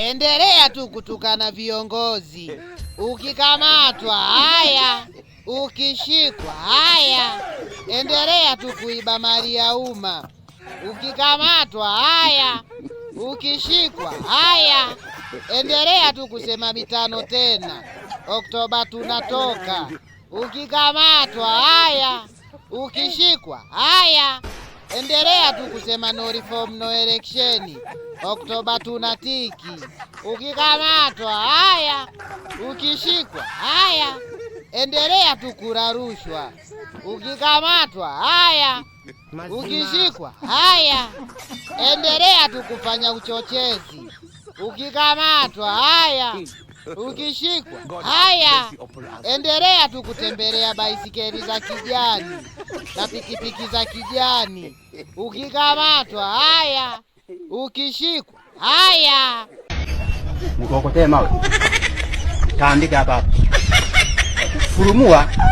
endelea tu kutukana viongozi. Ukikamatwa haya, ukishikwa haya, endelea tu kuiba mali ya umma. Ukikamatwa haya, ukishikwa haya, endelea tu kusema mitano tena. Oktoba tunatoka. Ukikamatwa haya, ukishikwa haya Endelea tu kusema no reform no election. Oktoba tunatiki, ukikamatwa haya, ukishikwa haya. Endelea tu kula rushwa, ukikamatwa haya, ukishikwa haya. Endelea tu kufanya uchochezi, ukikamatwa haya ukishikwa. Haya, endelea tu kutembelea baisikeli za kijani na pikipiki za kijani. Ukikamatwa haya, ukishikwa haya, nikokotee mawe, taandika hapa, furumua